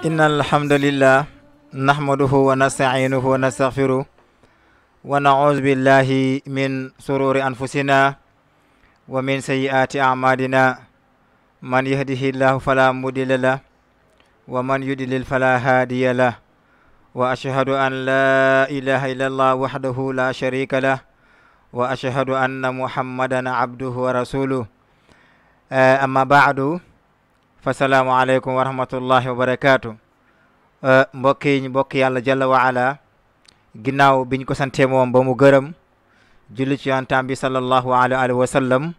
إن الحمد لله نحمده ونستعينه ونستغفره ونعوذ بالله من سرور أنفسنا ومن سيئات أعمالنا من يهده الله فلا مضل له ومن يضلل فلا هادي له وأشهد أن لا إله إلا الله وحده لا شريك له وأشهد أن محمدا عبده ورسوله أما بعد fa salaamu aleykum wa wa barakaatu uh, mbokk yi ñu bokk yàlla jalla wa ala ginnaaw biñ ko sante moom ba mu gërëm julli ci yontaam bi sallallahu alayhi wa sallam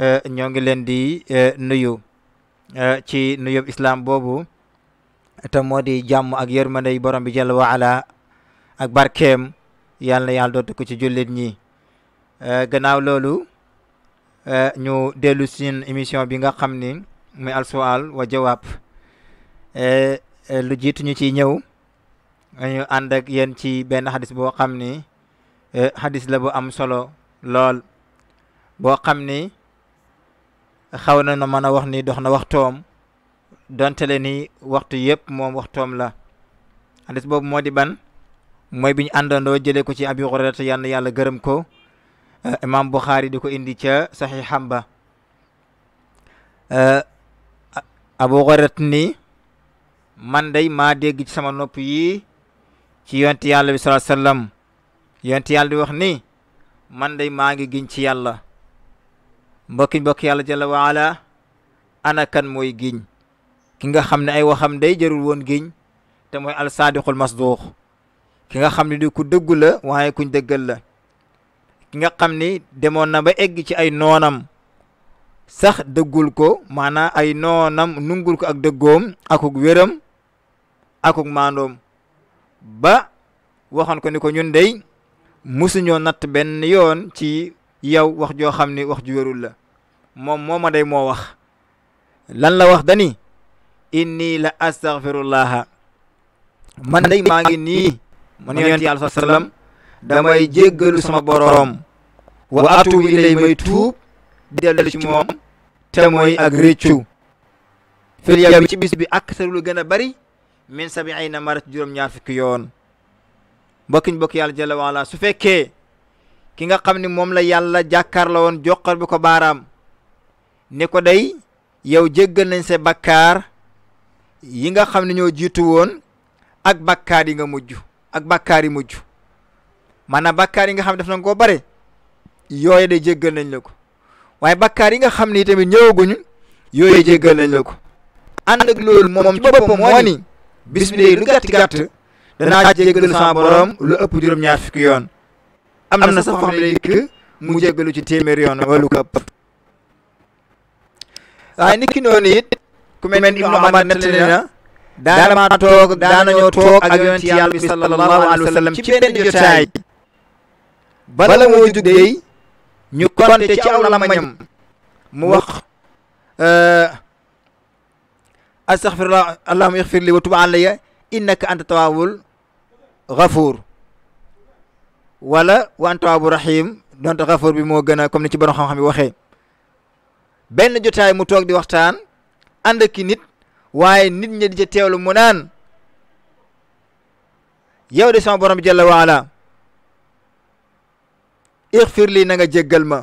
uh, ñoo ngi leen di uh, nuyu ci nuyub islaam boobu te di jàmm ak yërmande borom bi jalla wa ala ak barkeem yàlla na yàlla ci jullit ñi gannaaw loolu ñu dellu sin émission bi nga xam ni muy al sual wa jawaab e, e, lu jiitu ñu ciy ñëw ñu ànd ak ci benn xadis boo xam ni e, xadis la bu am solo lool boo xam ni xaw na na mën a wax ni dox na waxtoom donte le ni waxtu yëpp moom waxtoom la xadis boobu moo di ban mooy bi ñu àndandoo jëlee ko ci abi hurayrata yàlla yàlla gërëm ko imam Buxaari di ko indi ca saxiixam ba abu xorret ni man day maa dégg ci sama nopp yi ci yonti yàlla bi salaa sallam yonti yàlla di wax ni man day maa ngi giñ ci yàlla mbokki mbokki yàlla jalla waala ana kan mooy giñ ki nga xam ne ay waxam day jarul woon giñ te mooy al saadiqul masduq ki nga xam ne di ku dëggu la waaye kuñ dëggal la ki nga xam ni demoon na ba egg ay noonam sax dëggul ko maanaam ay noonam nungul ko ak dëggoom akuk wéram akuk maandoom ba waxoon ko ni ko ñun dey musuñoo natt benn yoon ci yow wax joo xam ni wax ju wérul la moom moo ma moo wax lan la wax dani inni la astaghfirullaha man day maa ngi nii man yonent yàlla sallam damay jéggalu sama boroom wa atubu ilay may tuub dellu ci moom te mooy ak réccu fil yaw bi ci bis bi aktar lu gën a bari min sabiina marat juróom-ñaar fukki yoon mbokkiñ bokk yàlla jalla waala su fekkee ki nga xam ni moom la yàlla jàkkaar la woon joxar bu ko baaraam ni ko day yow jéggal nañ se bakkaar yi nga xam ne ñoo jiitu woon ak bakkaar yi nga mujj ak bakkaar yi mujj maanaam bakkaar yi nga xam ne daf nañ koo bare yooye de jéggal nañ la ko waaye bakkaar yi nga xam ni tamit ñëwaguñu yooyu jéggal nañ la ko ànd ak loolu moom ci boppam moo ni bis bi léegi lu gàtt gàtt danaa jéggalu sama borom lu ëpp juróom-ñaar fukki yoon am na sax foo xam ne dikk mu jéggalu ci téeméer yoon wala lu ko ëpp waaye nit ki noonu it ku mel ni Ibnu Umar nettali na daana maa toog daana ñoo toog ak yonent yàlla bi sallallahu alayhi wa sallam ci benn jotaay bala moo jug dey ñu konte ci aw lamañam mu wax euh, astaghfirullah allahumma ighfir li wa tub alayya innaka anta tawaabul ghafuur wala wa anta tawaabu rahim donte ghafuur bi moo gën a comme ci borom xam-xam yi waxee benn jotaay mu toog di waxtaan ànd ki nit waaye nit ñi di ca teewlu mu naan yow de sama borom jalla waala ixfir lii nanga nga ma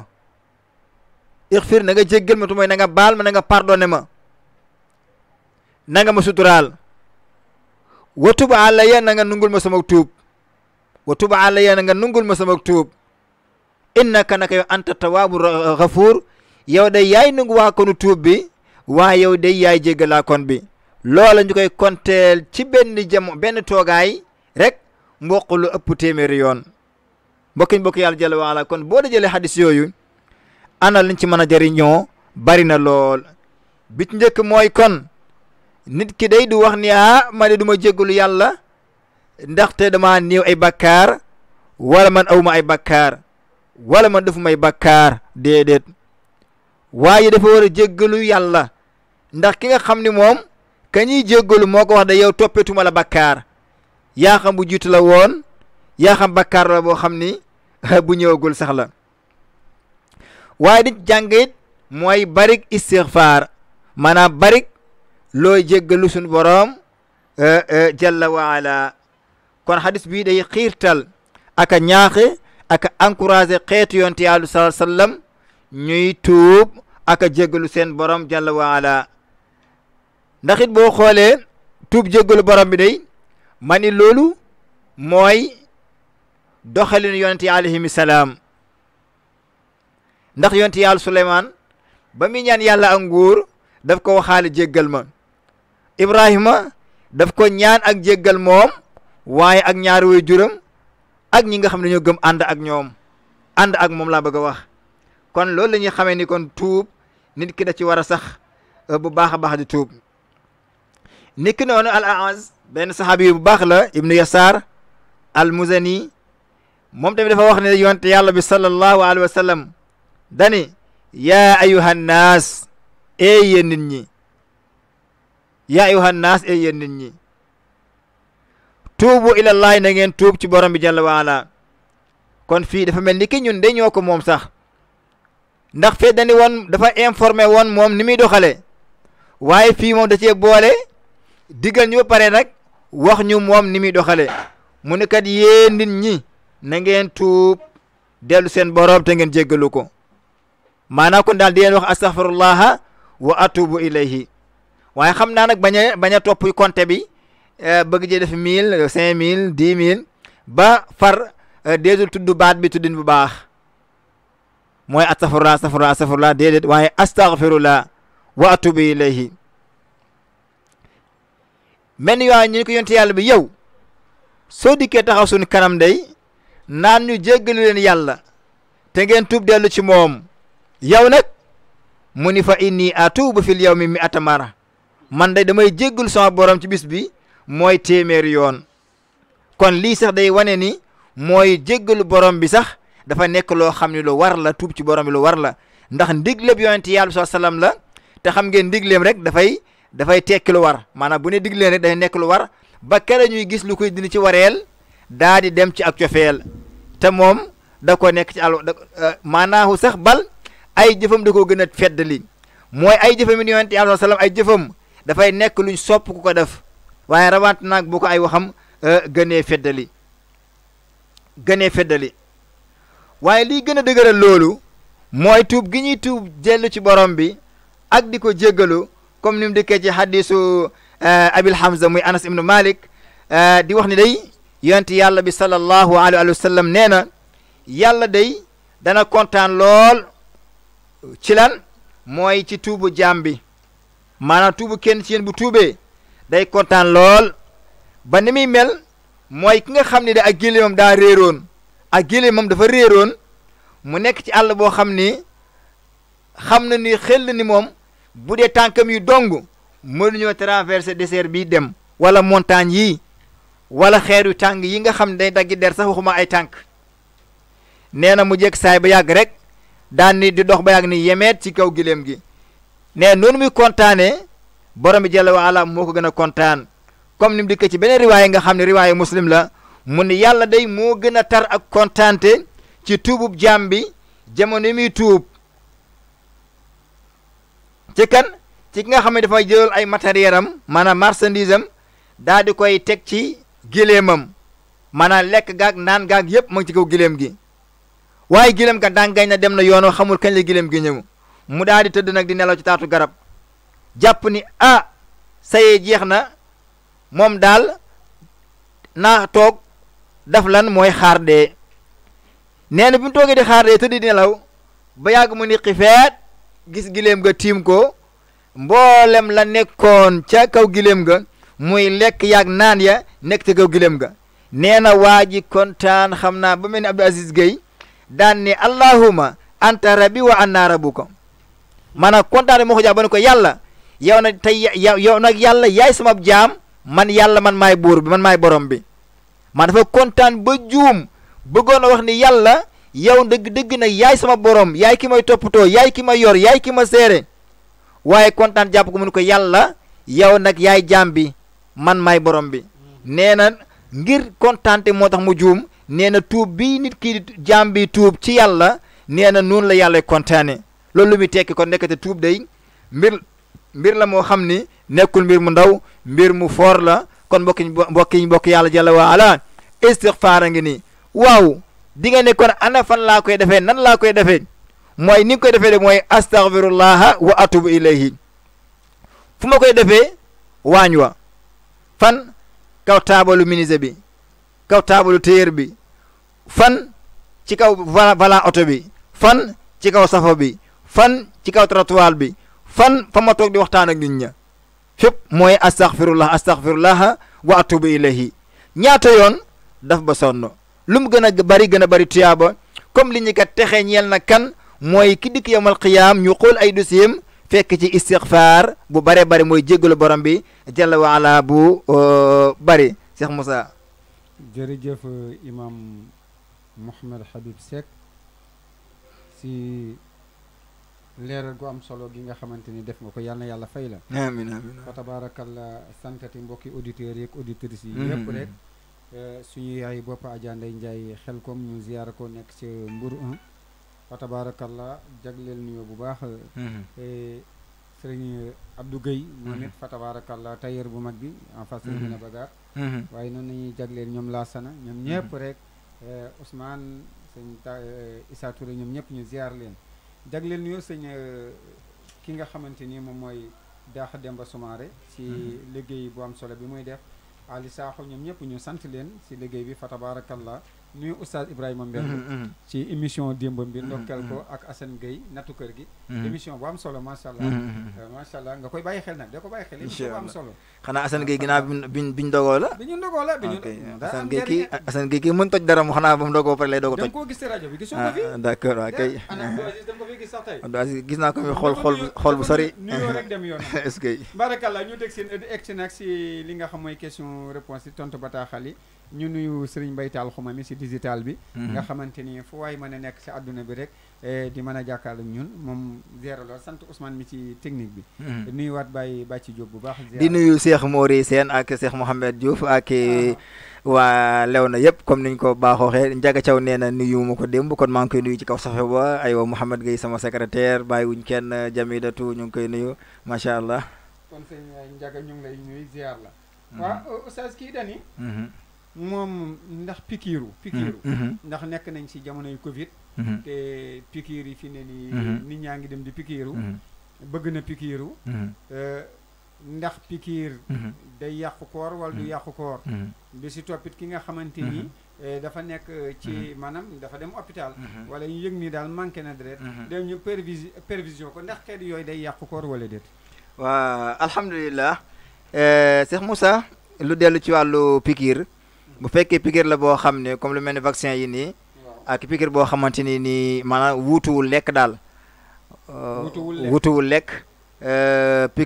ixfir nanga nga ma tu mooy na nga baal ma na nga pardonné ma nanga nga ma suturaal wa tub alayya na nga nungul ma sama tuub wa tub alayya na nga nungul ma sama tuub innaka naka yow day yaay nungu waa konu tuub bi waaye yow day yaay jéggalaa kon bi loola ñu koy konteel ci benn jamo benn toogaay rek mboq lu ëpp téeméeri yoon mbokkiñ mbokk yàlla jalla waala kon boo dajalee xadis yooyu ana lañ ci mën a jëriñoo bari na lool bit ci njëkk mooy kon nit ki day di wax ni ah ma duma du ma jéggalu yàlla ndaxte dama néew ay bakkaar wala man awma ay bakkaar wala man defuma ay bakkaar déedéet waaye dafa war a jéggalu yàlla ndax ki nga xam ni moom ka ñuy jéggalu moo ko wax da yow toppatuma la bakkaar yaa xam bu jiitu la woon yaa xam bakkaar la boo xam ni bu ñëwagul sax la waaye di jàng mooy barik istixfaar maanaam barik looy jéggalu suñu boroom e, e, jalla waala kon xadis bii day xiirtal ak a ñaaxe ak a encouragé xeetu yonte yàlla sallallahu alayhi wa sallam ñuy tuub ak a jéggalu seen borom jalla waala ndax it boo xoolee tuub jéggalu borom bi day ma ni loolu mooy doxalin yonent yi alayhim salaam ndax yonent yàlla ba muy ñaan yàlla ak daf ko waxaale jéggal ma Ibrahima daf ko ñaan ak jéggal moom waaye ak ñaari way juram ak ñi nga xam ne ñoo gëm ànd ak ñoom ànd ak moom laa bëgg a wax kon loolu la ñuy xamee ni kon tuub nit ki da ci war a sax euh, bu baax a baax di tuub nit ki noonu al aaz benn saxaabi bu baax la ibnu yasaar al muzani moom tamit dafa wax ne yonte yàlla bi sallallahu alayhi wa sallam dani ya ayuha nnaas ee yéen nit ñi yaa ayuha ee yéen nit ñi tuubu ilallahi na ngeen tuub ci borom bi jalla waala kon fii dafa mel ni ki ñun de ñoo ko moom sax ndax fee dani woon dafa informe woon moom ni muy doxale waaye fii moom da cee boole diggal ñu ba pare nag wax ñu moom ni muy doxale mu ne kat yéen nit ñi na ngeen tuub dellu seen boroom te ngeen jéggalu ko maanaam kon daal di leen wax astaghfirullaha wa atubu ilayhi waaye xam naa nag bañ a bañ a topp compte bi eh, bëgg ji def mille cinq mille dix mille ba far eh, déedul tudd baat bi tuddin bu baax mooy astaghfirullah astaghfirullah astaghfirullah déedéet waaye astaghfirullah wa atubu ilayhi mel ni ñu ko yonte yàlla bi yow soo dikkee taxaw suñu kanam dey naan ñu jéggali leen yàlla te ngeen tuub dellu ci moom yow nag mu ni fa inni atuubu fil yawmi mi atamara man de damay jéggul sama borom ci bis bi mooy téeméeri yoon kon lii sax day wane ni mooy jéggalu borom bi sax dafa nekk loo xam ne lu war la tuub ci borom bi lu war la ndax ndigleb yonent yàlla bi sallam la te xam ngeen ndigleem rek dafay dafay tekki lu war maanaam bu ne digleen rek day nekk lu war ba kere ñuy gis lu koy ci wareel daa di dem ci ak cofeel te moom da ko nekk ci àll euh, maanaahu sax bal ay jëfam da ko gën feddali mooy ay jëfam yi yonent yàlla salaam ay jëfam dafay nekk luñ sopp ku ko def waaye rawante nag bu ko ay waxam euh, gënee feddali gënee feddali waaye liy gën a dëgëral loolu mooy tuub gi ñuy tuub jellu ci borom bi ak di ko jéggalu comme ni mu dikkee ci xadisu euh, abil hamza muy anas ibnu malik di wax ni day yonent yàlla bi sallallahu alayhi wa sallam nee na yàlla day dana kontaan lool ci lan mooy ci tuubu jaam bi maanaam tuubu kenn ci yenn bu tuubee day kontaan lool ba ni muy mel mooy ki nga xam ne da ak géléemam daa réeroon ak géléemam dafa réeroon mu nekk ci àll boo xam ni xam na ni xel ni moom bu dee tànkam yu dong mënuñoo traverser désert bi dem wala montagne yi wala xeer yu tàng yi nga xam day daggi der sax waxuma ay tànk nee na mu jëkk saay ba yàgg rek daan ni di dox ba yàgg ni yemeet ci kaw giléem gi ne noonu mi kontaane borom bi jalla wa ala moo ko gën a kontaan comme ni mu dikkee ci beneen riwaay nga xam ne riwaayu muslim la mu ni yàlla day moo gën a tar ak kontaante ci tuubub jaam bi jamono yi muy tuub ci kan ci ki nga xam ne dafay jëlool ay matériel am maanaam marchandise am daa di koy teg ci gileemam maanaam lekk gaag naan gaag yëpp mu ci kaw gileem gi waaye gileem ga daan na dem na yoonoo xamul kañ la gileem gi ñëw mu daal di tëdd nag di nelaw ci taatu garab jàpp ni ah, a say jeex na moom daal na toog daf lan mooy xaar dee nee na bi mu toogee di xaar dee tëdd di nelaw ba yàgg mu niqi feet gis gileem ga tiim ko mboolem la nekkoon ca kaw gileem ga muy lekk yaag naan ya nekk te gaw gileem ga nee na waa ji kontaan xam naa ba mel ni Abdou Aziz Gueye daan ne allahuma anta rabbi wa anna ko maanaam kontaan moo ko ba ne ko yàlla yow nag tey yow nag yàlla yaay sama jaam man yàlla man may buur bi man may borom bi man dafa kontaan ba juum bëggoon a wax ni yàlla yow dëgg dëgg nag yaay sama borom yaay ki may toppatoo yaay ki ma yor yaay ki ma seere waaye kontaan jàpp ko mu ko yàlla yow nag yaay jaam bi man maay borom bi nee na ngir kontaante moo tax mu juum nee na tuub bi nit ki jaam bi tuub ci yàlla nee na noonu la yàlla kontaane loolu lu muy tekki kon nekkate tuub day mbir mbir la moo xam ni nekkul mbir mu ndaw mbir mu foor la kon mbokki mbokki mbokk yàlla jalla wa ala istixfaara ngi ni waaw di nga ne kon ana fan laa koy defee nan laa koy defee mooy ni koy defee de mooy astaghfirullaha wa atubu ilayhi fu ma koy defee waañ wa fan kaw taabalu menuisier bi kaw taabalu tailleur bi fan ci kaw volant oto bi fan ci kaw safo bi fan ci kaw trottoir bi fan fa ma di waxtaan ak nit ña fépp mooy astaghfirullah astaghfirullah wa atubu ilayhi ñaata yoon daf ba sonn lu mu gën a bari gën a bari tuyaaba comme li ñu kat texe ñeel na kan mooy ki dikk yowmal qiyaam ñu xool ay dosiyem fekk ci istixfaar bu bare bari mooy jéggalu borom bi jalla waala bu uh, bari Cheikh Moussa jërëjëf uh, imam Mouhamed Habib Seck si leeral gu am solo gi nga xamante ni def nga ko yàlla yàlla fay la amiin amiin mbokki auditeurs yeeg auditrices yi mm-hmm. yëpp rek uh, suñu yaay boppa Adja Ndeye Ndiaye xel kom ñu ziyaara ko nekk ci Mbour 1 fa tabaarakallaa jagleel nuyoo bu baax mm-hmm. e, sëriñ Abdou Guèye moom mm-hmm. it fa tabaarakallaa tailleur bu mag bi en face dina mm-hmm. bagaar waaye noonu nañuy jagleel ñoom laasana ñoom ñëpp rek e, Ousmane sëñ ta e, Issa ñoom ñëpp ñu ziar leen jagleel nuyoo sëñ ki nga xamante ni moom mooy Daax Demba Soumaré si liggéey bu am solo bi muy def Ali Sakho ñoom ñëpp ñu sant leen si liggéey bi fa tabaarakallaa nuyu oustaz Ibrahima Mbène mm-hmm, mm-hmm. ci émission démbam bi mm-hmm, ndokkeel ko ak Assane Gueye nattu kër gi émission boo am solo macha allah euh, macha allah nga koy bàyyi xel nag de ko bàyyi xel émission bu am solo xanaa Assane Gueye ginnaaw bi bi ñu bi ñu dogoo la bi ñu mën toj dara mu xanaa ba mu dogoo pare lay doog a toj da nga gis ci rajo bi gisoo ah, ko fi d' accord waaw kay gis naa ko fi xool xool xool bu sori nuyoo rek dem yoon est-ce que barakallah ñu nag si li nga xam mooy question réponse yi tontu bataaxal yi ñu nuyu Serigne Mbaye Tall Xumami si digital bi. Mhm. nga xamante ni fu waay mën a nekk si àdduna bi rek eh, di mën a jàkkaarloo ñun moom zéro la sant Ousmane mi ci technique bi. Mhm. nuyuwaat Baye Bàcci Diop bu baax. di nuyu Cheikh Mori seen ak Cheikh Mouhamed Diouf ak. Eh, ah. waa lew na yëpp comme niñ ko baaxooxee Njaga Caw nee na nuyu ma ko démb kon maa ngi koy nuyu ci kaw safe ba aywa Mouhamed Gueye sama bàyyi wuñ kenn Jamidatu ñu ngi koy nuyu macha allah. kon sëñ Njaga moom ndax pikiiru mm-hmm. pikiiru mm-hmm. ndax nekk nañ si jamono jamonoy Covid mm-hmm. te pikiir yi fi ne nii nit ñaa ngi dem di pikiiru bëgg na pikiiru euh, ndax pikiir day yàqu koor wala du yàqu koor bi si toppit ki nga xamante ni euh, dafa nekk euh, ci maanaam dafa dem hôpital wala ñu yëg ni daal manqué na deret dem ñu prévisi prévision ko ndax xeet yooyu day yàqu koor wala déet waa alhamdulilah Cheikh Moussa lu dellu ci wàllu pikiir bu fekkee piqûre la boo xam ne comme lu mel ni vaccin yi ni ak piqûre boo xamante ni nii maanaam wuutuwul lekk daal. Euh, wuutuwul lekk wuutuwul lekk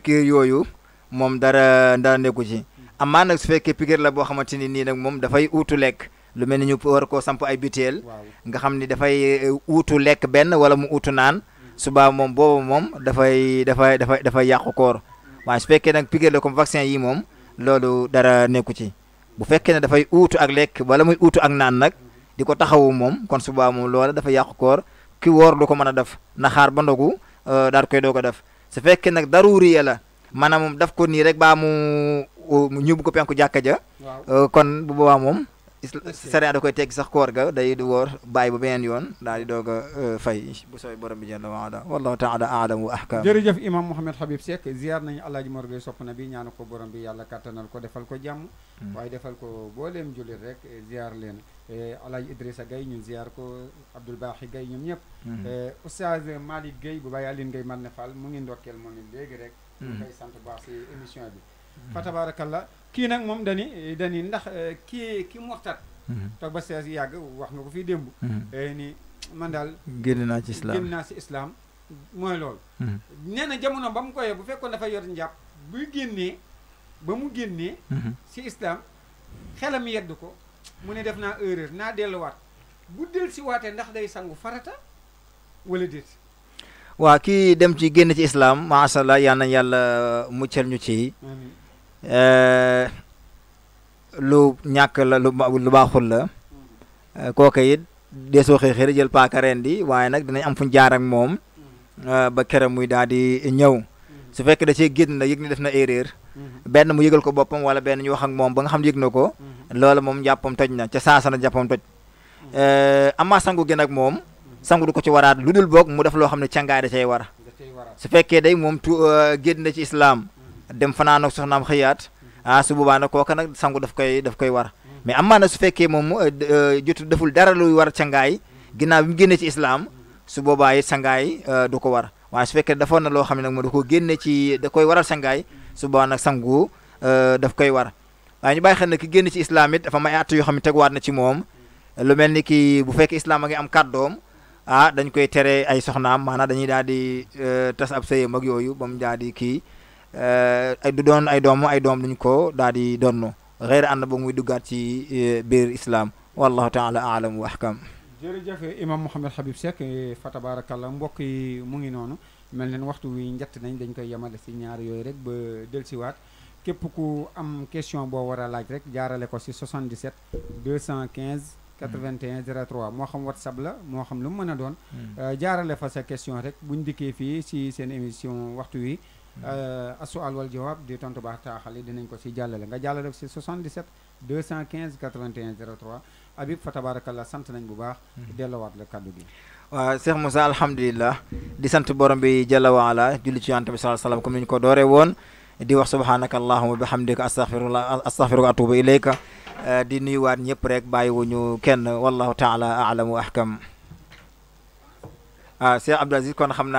euh, yooyu moom dara dara nekku ci. amaa nag su fekkee piqûre la boo xamante ni nii nag moom dafay wutu lekk. lu mel ni ñu war koo samp ay butéel nga xam ni dafay euh, uutu lekk benn wala mu uutu naan mm. subaa moom boobu moom dafay dafay dafay dafay yàqu koor mm. waaye su fekkee nag piqûre la comme vaccin yi moom loolu dara nekku ci bu fekkee ne dafay uutu ak lekk wala muy uutu ak naan nag di ko taxawu moom kon subaa moom loola dafa yàqu koor ki woor du ko mën a def na xaar ba ndogu euh, daal koy doo ko def su fekkee nag daruriya la maanaam daf ko nii rek baa mu ñub ko penku jàkka ja euh, kon bu boobaa moom sariya da koy teg sax koor ga day woor bàyyi bu beneen yoon daal di doog a euh, fay bu sooy borom bi jalla waala wallahu taala aalam wa ahkam jërëjëf imam Mouhamed Habib Seck ziar nañu alaaji Mor Gueye sopp na bi ñaan ko borom bi yàlla kattanal ko defal ko jàmm hmm. waaye defal ko booleem jullit rek eh, ziar leen eh, alaaji Idrissa Gueye ñun ziar ko Abdoul Baaxi Gueye ñoom ñëpp hmm. eh, oustaz Malick Gueye bu bàyyi Aline Gueye man na Fall mu ngi ndokkeel moom it léegi rek ñu hmm. koy sant baax si émission bi fa tabarakallah kii nag moom dani dani ndax kii eh, ki mortat mhm. toog ba sees yàgg wax nga ko fii démb mhm. eh, ni man daal génn naa ci islam génn si islam mooy loolu mhm. nee na jamono ba mu koyee bu fekkoon dafa yor njàpp buy génnee ba mu génnee si islam xelam ko mu ne def naa naa delluwaat bu del si ndax day sangu farata wala déet waa kii dem ci génn ci islaam macha allah yal na yàlla muccal ñu ci Eh, lu ñàkk la lu lu baaxul la eh, kooka it deesoo xëy xëy jël paaka reen di waaye nag dinañ am fu jaar moom eh, ba kere muy daal di ñëw su fekkee da cee génn na yëg ni def na erreur benn mu yëgal ko boppam wala benn ñu wax moom ba nga xam ne yëg na ko loolu moom jàppam toj na ca saasa na jàppam toj amaa sangu gi moom sangu du ko ci waraat lu dul boog mu def loo xam ne càngaay da cay war su fekkee day moom tu génn na ci islaam dem fanaan ak soxnaam xëyaat ah su boobaa nag kooka nag sangu daf koy daf koy war mais am maana su fekkee moom euh, euh, jotu deful dara luy war cangaay ginnaaw bi mu génnee ci islaam su boobaa yi sangaay euh, du ko na loo xam ne nag ko génne ci da koy waral sangaay su boobaa nag sangu daf koy war waaye ñu bàyyi xel ne ki génn ci islaam it dafa may àtt yoo xam ne teguwaat na ci moom lu mel ni ki bu fekkee islaam a ngi am kàddoom ah dañ koy tere ay soxnaam maanaam dañuy daal di tas ab sëyam ak yooyu ba mu ki ay eh, du doon ay doom ay doom duñ ko daal di doon xëy ànd ba muy duggaat ci eh, biir islam wallahu taala alam wa ahkam jërëjëf imam Mouhamed Habib Seck eh, fa tabarakallah mbokk yi mu ngi noonu mel leen waxtu wi njëtt nañ dañ koy yemale si ñaar yooyu rek ba dellusiwaat képp ku am question boo war a laaj rek jaarale ko si 77 215 81 03 moo xam whatsapp la moo xam lu mu mën a doon hmm. jaarale fa sa question rek buñ dikkee fii si seen émission waxtu wi Euh, asual wal jawaab di tontu baax taaxal yi dinañ ko si jàllale nga jàllale ko si 77 215 81 03 Habib fa tabarakallah sant nañ bu baax. Mm-hmm. dellowaat la kàddu gi. waaw Cheikh Moussa alhamdulilah di sant borom bi jalla waala julli ci yonent bi sallallahu alayhi wasallam comme ni ñu ko dooree woon di wax subhanaka allahumma bihamdika astaghfirullah astaghfiruka atubu ilayka euh, di nuyuwaat ñëpp rek bàyyiwuñu kenn wallahu taala aalam wa ahkam ah Cheikh Abdou Aziz kon xam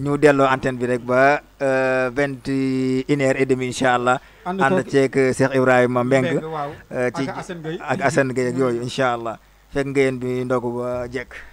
ñu delloo antenne bi rek ba euh, vingt une heure et demie incha allah. ànd ceeg Cheikh Ibrahima Mbeng euh, ci ak Assane Gueye ak yooyu incha allah fekk ngeen bi ndogu ba jekk.